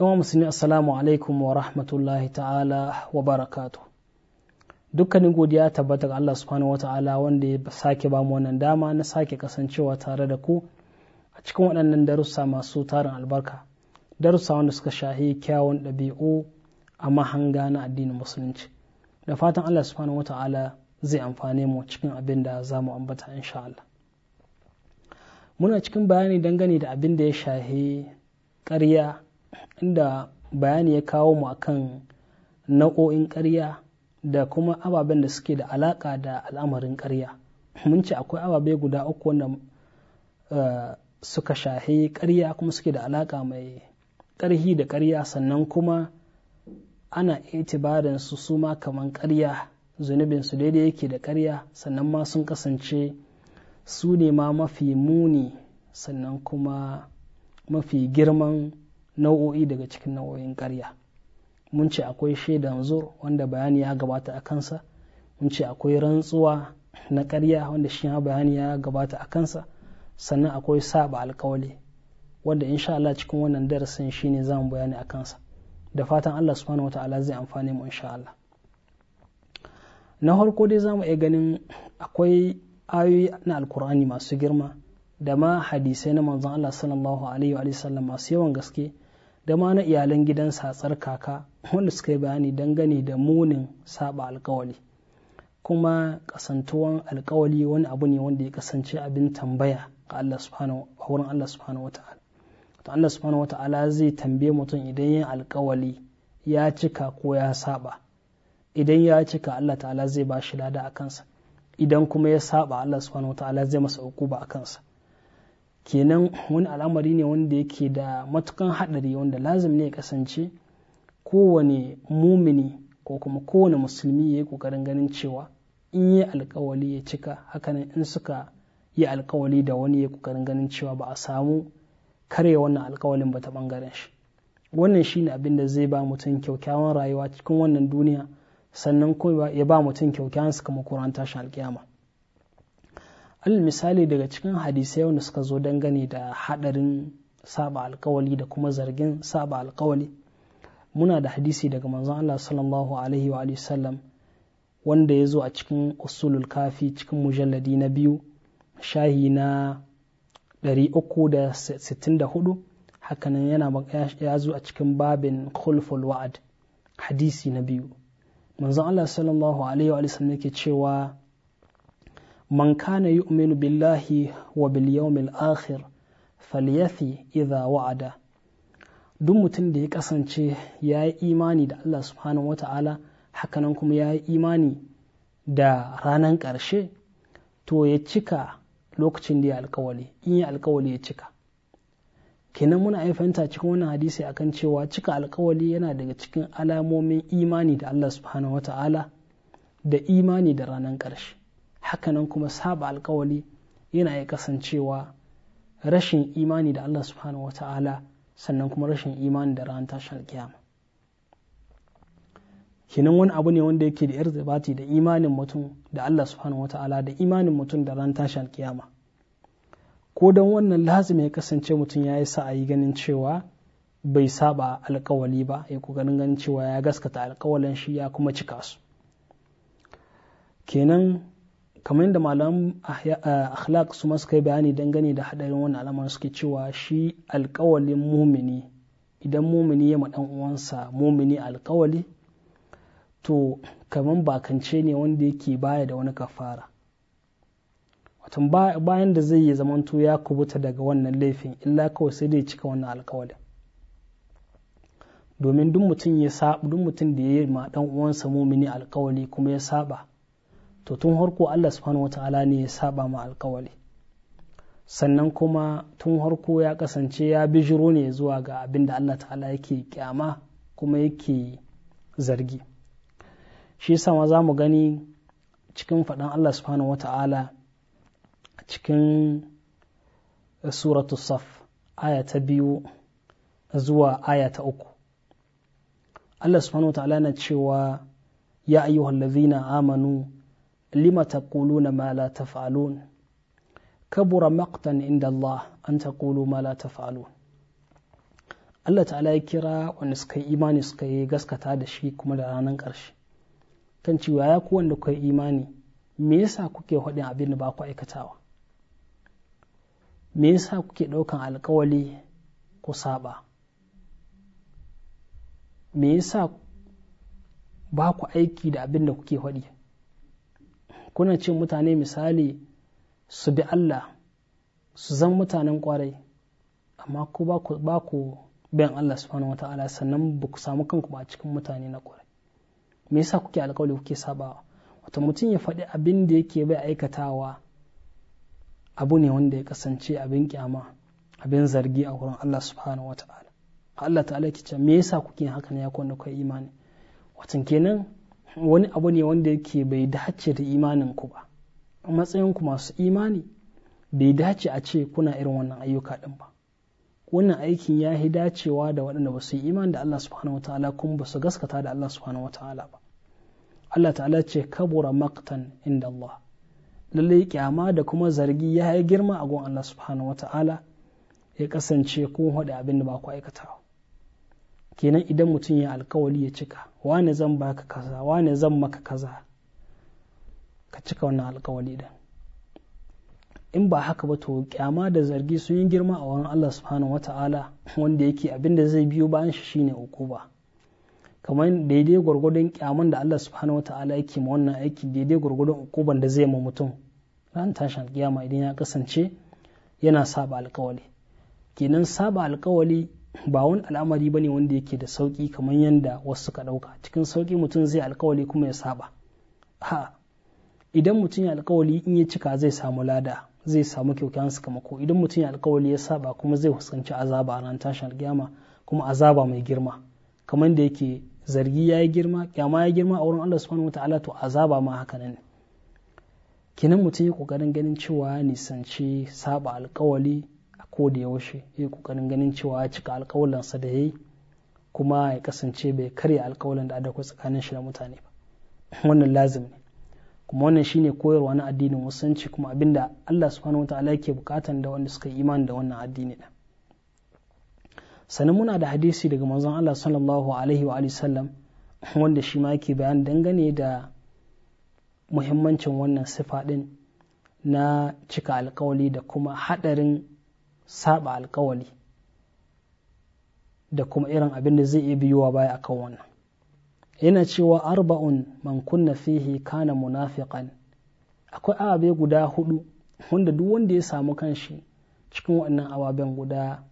yawan musulmi assalamu alaikum wa rahmatullahi ta'ala wa barakatu dukkanin godiya tabbata ga Allah subhanahu wa ta'ala wanda ya sake bamu wannan dama na sake kasancewa tare da ku a cikin waɗannan darussa masu tarin albarka darussa wanda suka shahi kyawun ɗabi'u a mahanga na addinin musulunci da fatan Allah subhanahu wa ta'ala zai amfane mu cikin abin da za mu ambata insha Allah muna cikin bayani dangane da abin da ya shahi ƙarya inda bayani ya kawo mu akan nau'o'in ƙarya da kuma ababen da suke da alaƙa da al'amarin ƙarya mun ce akwai ababe guda uku wanda eh, suka shahi ƙarya kuma suke da alaƙa mai ƙarhi da ƙarya sannan kuma ana itibarin su ma kamar ƙarya zunubin su daidai yake da ƙarya sannan ma sun kasance su ne ma mafi muni sannan kuma mafi girman nau'o'i daga cikin nau'o'in karya mun ce akwai shaidan zur wanda bayani ya gabata a kansa mun ce akwai rantsuwa na karya wanda shi ma bayani ya gabata a kansa sannan akwai saba alkawali wanda insha Allah cikin wannan darasin shine za mu bayani a kansa da fatan Allah subhanahu wata'ala zai amfane mu insha Allah na harko dai za mu iya ganin akwai ayoyi na alkur'ani masu girma da ma hadisai na manzon Allah sallallahu alaihi wa sallam masu yawan gaske da ma na iyalan gidan satsar kaka wanda suka yi bayani dangane da munin saba alkawali kuma kasantuwan alkawali wani abu ne wanda ya kasance abin tambaya ga Allah subhanahu a wurin Allah subhanahu wata'ala to Allah subhanahu wata'ala zai tambaye mutum idan yin alkawali ya cika ko ya saba idan ya cika Allah ta'ala zai ba shi lada a kansa idan kuma ya saba Allah subhanahu wata'ala zai masa hukuba a kansa kenan wani al'amari ne wanda yake da matukan haɗari wanda lazim ne ya kasance kowane mumini ko kuma kowane musulmi ya yi ƙoƙarin ganin cewa in yi alkawali ya cika hakanan in suka yi alkawali da wani ya ƙoƙarin ganin cewa ba a samu karya wannan alkawalin ba ta ɓangaren shi wannan shi ne abin da zai ba mutum kyakkyawan rayuwa cikin wannan duniya sannan ya ba mutum kyakkyawan suka makuranta tashin alkiyama al misali daga cikin hadisai wanda suka zo dangane da hadarin saba alkawali da kuma zargin saba alkawali muna da hadisi daga manzon Allah sallallahu alaihi wa sallam wanda ya zo a cikin usulul kafi cikin mujalladi na biyu shahi na 364 hakanan yana ya zo a cikin babin khulful wa'ad hadisi na biyu manzon Allah sallallahu alaihi wa sallam yake cewa man kana yu'minu billahi wa bil yawmil akhir falyathi idha wa'ada duk mutum da ya kasance ya yi imani da Allah subhanahu wata'ala hakanan kuma ya yi imani da ranar ƙarshe to ya cika lokacin da ya alkawali in ya alkawali ya cika kenan muna iya fahimta cikin wannan hadisi akan cewa cika alkawali yana daga cikin alamomin imani da Allah subhanahu wata'ala da imani da ranar ƙarshe hakanan kuma saba alkawali yana ya kasancewa rashin imani da Allah subhanahu ta'ala sannan kuma rashin imani da ran tashin alkiyama kenan wani abu ne wanda yake da irzibati da imanin mutum da Allah subhanahu ta'ala da imanin mutum da ran tashin alkiyama ko don wannan lazima ya kasance mutum ya yi sa'ayi ganin cewa bai saba alkawali ba ya ganin ganin cewa ya gaskata alkawalin shi ya kuma cika su kenan kamar yadda malam eh, akhlaq su masu kai bayani dangane da hadarin wannan alamar suke cewa shi alkawalin mumini idan mumini ya dan uwansa mumini alkawali to kamar bakance ne wanda yake baya da wani kafara watan bayan da zai yi zamanto ya kubuta daga wannan laifin illa kawai sai dai cika wannan alkawalin domin duk mutum da ya yi ma dan uwansa mumini alkawali kuma ya saba to tun harko Allah subhanahu wata'ala ne ya saba ma alkawali sannan kuma tun harko ya kasance ya bijiro ne zuwa ga abin da Allah ta'ala yake kyama kuma yake zargi shi yasa ma za mu gani cikin faɗan Allah subhanahu wata'ala cikin suratu saf aya ta biyu zuwa aya ta uku Allah subhanahu wata'ala na cewa ya ayyuhallazina amanu lima taquluna ma la taf'alun kabura maqtan inda Allah an taqulu ma la taf'alun Allah ta'ala ya kira wanda suka yi imani suka yi gaskata da shi kuma da ranar ƙarshe kan cewa ya ku wanda kuka yi imani me yasa kuke haɗin abin da ba ku aikatawa me yasa kuke ɗaukan alkawali ku saba me yasa ba ku aiki da abin da kuke faɗi kuna ce mutane misali su bi Allah su zan mutanen kwarai amma ku ba ku bayan Allah subhanahu wa ta'ala sannan ba ku samu kanku ba a cikin mutane na kwarai me yasa kuke alƙawari kuke sabawa wato mutum ya faɗi abin da yake bai aikatawa abu ne wanda ya kasance abin kyama abin zargi a wurin Allah subhanahu wa ta'ala Allah ta'ala ce me yasa kuke hakan ya kwanda kai imani watan kenan wani abu ne wanda yake bai dace da imanin ku ba a ku masu imani bai dace a ce kuna irin wannan ayyuka din ba wannan aikin ya yi dacewa da waɗanda ba su yi imani da Allah subhanahu wataala kuma ba su gaskata da Allah subhanahu wataala ba Allah ta'ala ce kabura maktan inda Allah lallai kyama da kuma zargi ya yi girma a gun Allah subhanahu wataala ya kasance kun haɗe abin da ba ku aikatawa kenan idan mutum ya alkawali ya cika wane zan baka kaza wane zan maka kaza ka cika wannan alkawali din in ba haka ba to kyama da zargi sun yi girma a wurin Allah subhanahu wata'ala wanda yake abin da zai biyo bayan shi shine ukuba kamar daidai gwargwadon kyaman da Allah subhanahu wata'ala yake ma wannan aiki daidai gwargwadon ukuban da zai ma mutum ran tashin kiyama idan ya kasance yana saba alkawali kenan saba alkawali ba wani al'amari bane wanda yake da sauki kamar yadda wasu suka ɗauka cikin sauki mutum zai alkawali kuma ya saba ha idan mutum ya alkawali in ya cika zai samu lada zai samu kyaukyan sakamako idan mutum ya alkawali ya saba kuma zai fuskanci azaba a ran tashin alkiyama kuma azaba mai girma kamar da yake zargi ya yi girma kyama ya girma a wurin Allah subhanahu wataala to azaba ma haka nan kenan mutum ya kokarin ganin cewa nisanci saba alkawali ko da yaushe yi kokarin ganin cewa ya cika alkawalansa da ya yi kuma ya kasance bai karya alkawalan da adakwai tsakanin shi da mutane ba wannan lazim ne kuma wannan shine koyarwa na addinin musulunci kuma abinda Allah subhanahu wataala yake bukatan da wanda suka yi imani da wannan addini da sannan muna da hadisi daga manzon Allah sallallahu alaihi wa sallam wanda shi ma yake bayan dangane da muhimmancin wannan sifa din na cika alkawali da kuma hadarin saba alkawali da kuma irin abin da zai iya biyuwa baya akan wannan yana cewa arba'un man kunna fihi kana munafiqan akwai ababe guda hudu wanda duk wanda ya samu kanshi cikin wannan ababen guda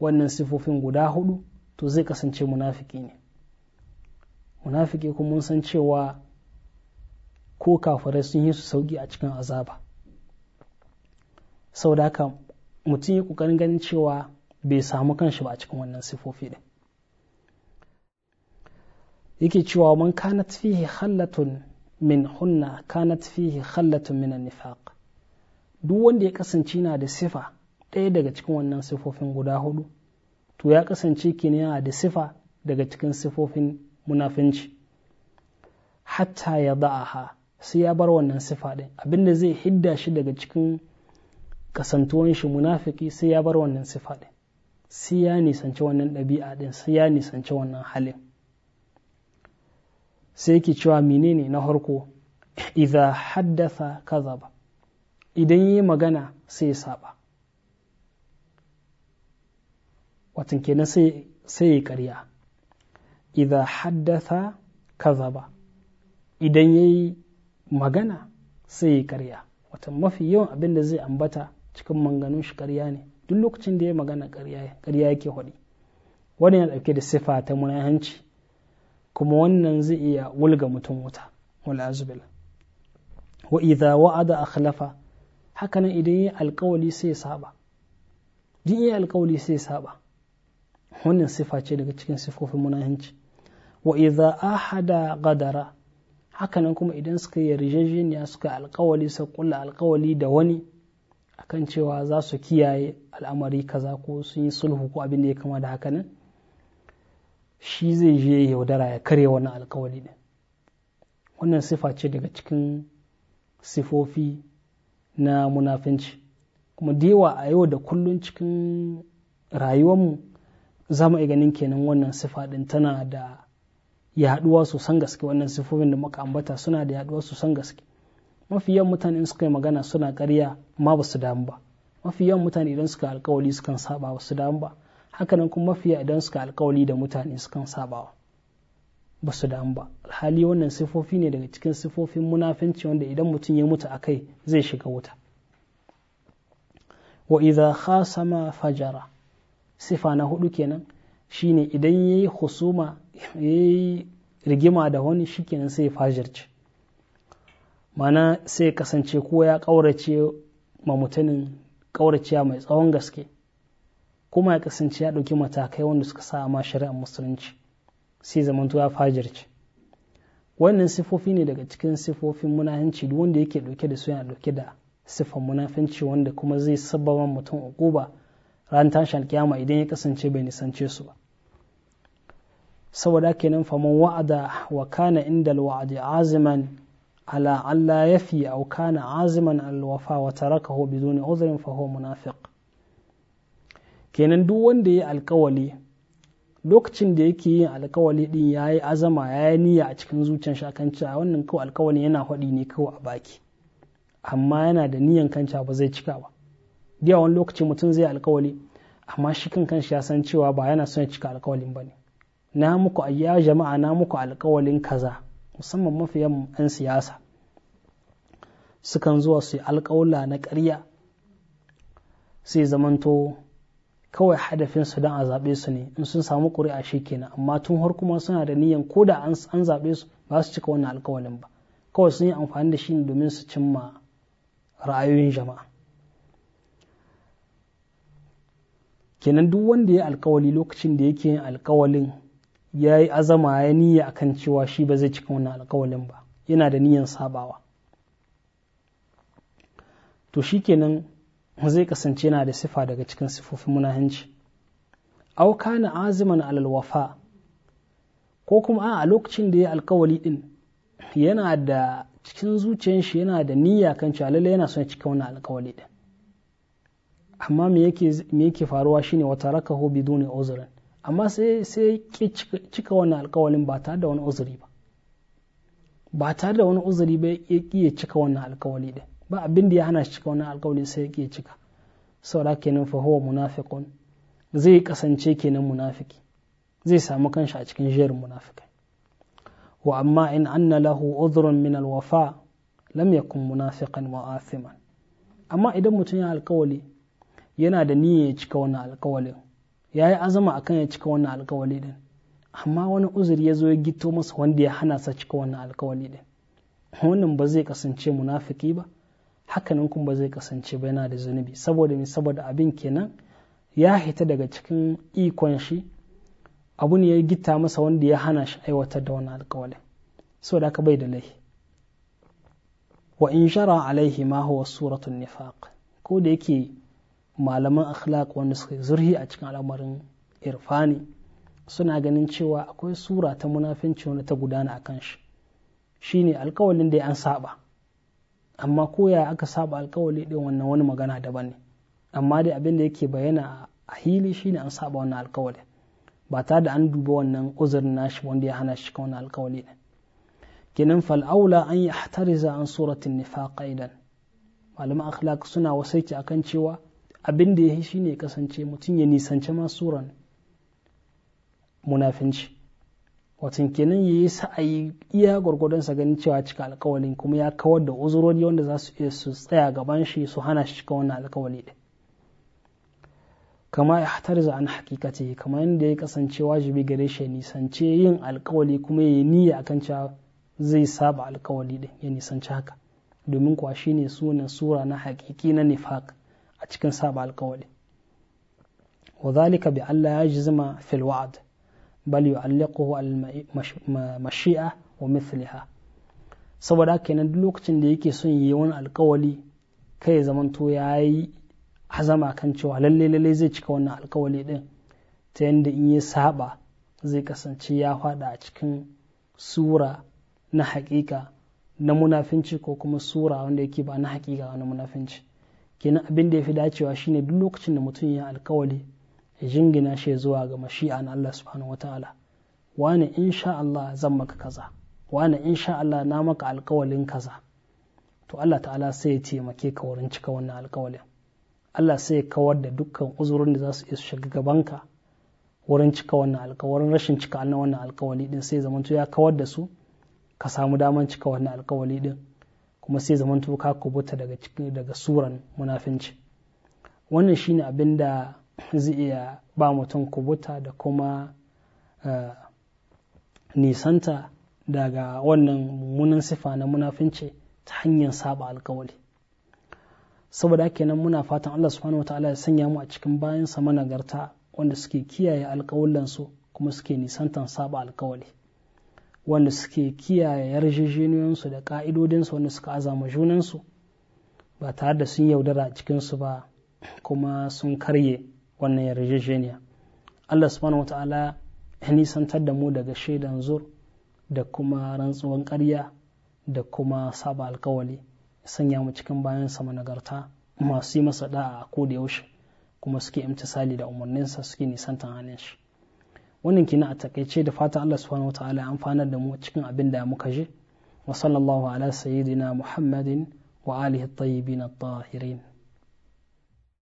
wannan sifofin guda hudu to zai kasance munafiki ne munafiki kuma mun san cewa ko kafirai sun yi su sauki a cikin azaba sau da haka mutum ya ƙoƙarin ganin cewa bai samu kanshi ba a cikin wannan sifofi ɗin yake cewa man kanat fihi khallatun min hunna kanat fihi khallatun min nifaq duk wanda ya kasance na da sifa ɗaya daga cikin wannan sifofin guda hudu to ya kasance kenan yana da sifa daga cikin sifofin munafinci hatta ya da'aha sai ya bar wannan sifa ɗin abinda zai hidda shi daga cikin kasantuwan shi munafiki sai ya bar wannan sifa ɗin sai ya nisanci wannan ɗabi'a ɗin sai ya nisanci wannan halin sai yake cewa menene na harko idza haddasa kazaba idan yi magana sai ya saba watan kenan sai ya ƙarya idza haddasa kazaba idan yayi magana sai ya ƙarya watan mafi yawan abin da zai ambata cikin manganun shi karya ne duk lokacin da ya magana ƙarya yake haɗi wannan yana ɗauke da sifa ta munahanci kuma wannan zai iya wulga mutum wuta wala azbil wa idza wa'ada akhlafa hakanan idan yi alkawali sai saba alkawali sai saba wannan sifa ce daga cikin sifofin munahanci wa idza ahada gadara hakanan kuma idan suka yarjejeniya suka alkawali sai kula alkawali da wani akan cewa za su kiyaye al'amari kaza ko sun yi sulhu ko abin da ya kama da haka nan shi zai je yaudara ya karya wannan alkawari ne. wannan sifa ce daga cikin sifofi na munafinci kuma da a yau da kullun cikin rayuwarmu za mu ganin kenan wannan sifa ɗin tana da yaduwa sosan gaske wannan sifofin da muka ambata suna da yaduwa sosan gaske mafi yawan mutane suka yi magana suna karya ma ba su damu ba mafi yawan mutane idan suka alkawali sukan saba ba su damu ba hakanan kuma mafiya idan suka alkawali da mutane sukan sabawa ba su damu ba alhali wannan sifofi ne daga cikin sifofin munafinci wanda idan mutum ya mutu akai zai shiga wuta wa idza khasama fajara sifa na hudu kenan shine idan yayi husuma yayi rigima da wani shikenan sai fajirci mana sai kasance ko ya ƙaurace ma mutumin ƙauraciya mai tsawon gaske kuma ya kasance ya ɗauki matakai wanda suka sa a shari'ar musulunci sai zamanto ya fajirce wannan sifofi ne daga cikin sifofin munafinci duk wanda yake ɗauke da su yana ɗauke da sifan munafinci wanda kuma zai sababa mutum uquba ran tashin alkiyama idan ya kasance bai nisance su ba saboda kenan faman wa'ada wa kana inda wa'adi aziman ala an la yafi aw kana aziman alwafa wa tarakahu biduni uzrin fa huwa munafiq kenan duk wanda ya alkawali lokacin da yake yin alkawali din yayi azama yi niyya a cikin zuciyar shi akan cewa wannan kawai alkawalin yana faɗi ne kawai a baki amma yana da niyyan kanca ba zai cika ba da wani lokaci mutum zai alkawali amma shi kan kanshi ya san cewa ba yana son ya cika alkawalin ba ne na muku ayya jama'a na muku alkawalin kaza musamman mafi mafiyan 'yan siyasa sukan zuwa su yi alƙawla na ƙarya sai zamanto kawai hadafin su don a zaɓe su ne in sun samu ƙuri'a shi kenan amma tun har kuma suna da niyan ko da an zaɓe su ba su cika wannan alƙawalin ba kawai sun yi amfani da shi ne domin su cimma ra'ayoyin jama'a kenan duk wanda ya yi alƙawali lokacin da yake yin alƙawalin ya yi azama ya niyya a kan cewa shi ba zai cika wannan alkawalin ba yana da niyyan sabawa to shi kenan zai kasance yana da sifa daga cikin sifofin munahanci auka na aziman alal ko kuma a lokacin da ya yi alkawali din yana da cikin zuciyar shi yana da niyya kan cewa lalle yana son cika wannan alkawali din amma me yake faruwa shine wata rakahu biduni uzrin amma sai sai ki cika wannan alkawalin ba tare da wani uzuri ba ba tare da wani uzuri ba ya ki cika wannan alkawali din ba abin da ya hana shi cika wannan alkawali sai ya ki cika saura kenan fa huwa munafiqun zai kasance kenan munafiki zai samu kanshi a cikin jerin munafikai wa amma in anna lahu udhrun min alwafa lam yakun munafiqan wa athiman amma idan mutum ya alkawali yana da niyya ya cika wannan alkawalin ya yi azama akan ya cika wannan alkawali din amma wani uzuri ya zo ya gito masa wanda ya hana sa cika wannan alkawali din wannan ba zai kasance munafiki ba hakanan kuma ba zai kasance ba yana da zunubi saboda me saboda abin kenan ya hita daga cikin ikon shi abu ne ya gita masa wanda ya hana shi aiwatar da wannan alkawalin saboda haka bai da laifi wa in shara alaihi ma huwa suratul nifaq ko da yake malaman akhlaq wanda suka zurhi a cikin al'amarin irfani suna ganin cewa akwai sura ta munafinci wanda ta gudana a kan shi shine alkawalin da an saba amma koya aka saba alkawali ɗin wannan wani magana daban ne amma dai abin da yake bayyana a hili shi ne an saba wannan alkawali ba tare da an duba wannan uzurin nashi wanda ya hana shi wannan alkawali ɗin kenan fal'aula an yi an suratin nifaq ƙa'idan malaman akhlaq suna wasaiki akan cewa abin da ya yi shine kasance mutum ya nisance nisanci masuran munafinci watan kenan ya yi sa'ayi iya gwargwadon sa ganin cewa cika alkawalin kuma ya kawar da uzurori wanda za su iya su tsaya gaban shi su hana shi cika wannan alkawali ɗin kama ya tarza an hakikati kama yadda ya kasance wajibi gare shi ya nisance yin alkawali kuma ya yi niyya akan cewa zai saba alkawali ɗin ya nisance haka domin kuwa shine sunan sura na hakiki na nifaq a cikin saba alkawari wa zalika bi Allah ya jizma fil wa'd bal yu'alliquhu al mashi'a wa mithliha saboda haka kenan duk lokacin da yake son yi wani alkawali kai ya zamanto ya yi hazama kan cewa lallai lallai zai cika wannan alkawali din ta yadda in ya saba zai kasance ya fada a cikin sura na hakika na munafinci ko kuma sura wanda yake ba na hakika na munafinci kenan abin da ya fi dacewa shine duk lokacin da mutum ya alkawali ya jingina shi zuwa ga mashi'a na Allah subhanahu wataala wani insha Allah zan maka kaza wani insha Allah na maka alkawalin kaza to Allah ta'ala sai ya taimake ka wurin cika wannan alkawalin Allah sai ya kawar da dukkan uzurin da za su iya shiga gabanka wurin cika wannan alkawarin rashin cika wannan alkawali din sai zamanto ya kawar da su ka samu damar cika wannan alkawali din kuma sai zaman ka kubuta daga suran munafinci wannan shine abin da zai iya ba mutum kubuta da kuma eh, nisanta daga wannan mummunan sifa na munafinci ta hanyar saba alkawali saboda haka nan muna fatan Allah subhanahu wataala ya sanya mu a cikin bayan bayansa nagarta wanda suke kiyaye alkawullansu kuma suke nisantan saba alkawali wanda suke kiyaye yarjejeniyoyinsu da ka'idodinsu wanda suka azama junansu ba tare da sun yaudara a cikinsu ba kuma sun karye wannan yarjejeniya Allah subhanahu wata'ala ya nisantar da mu daga shaidan zur da kuma rantsuwan karya da kuma saba alkawali sanya mu cikin bayan sama nagarta masu yi masa da'a a koda yaushe kuma suke imtisali da umarninsa suke nisantar hannun shi wannan kina a takaice da fatan Allah subhanahu wataala ya amfanar da mu cikin abin da muka je wa sallallahu ala sayyidina muhammadin wa alihi at-tayyibin at-tahirin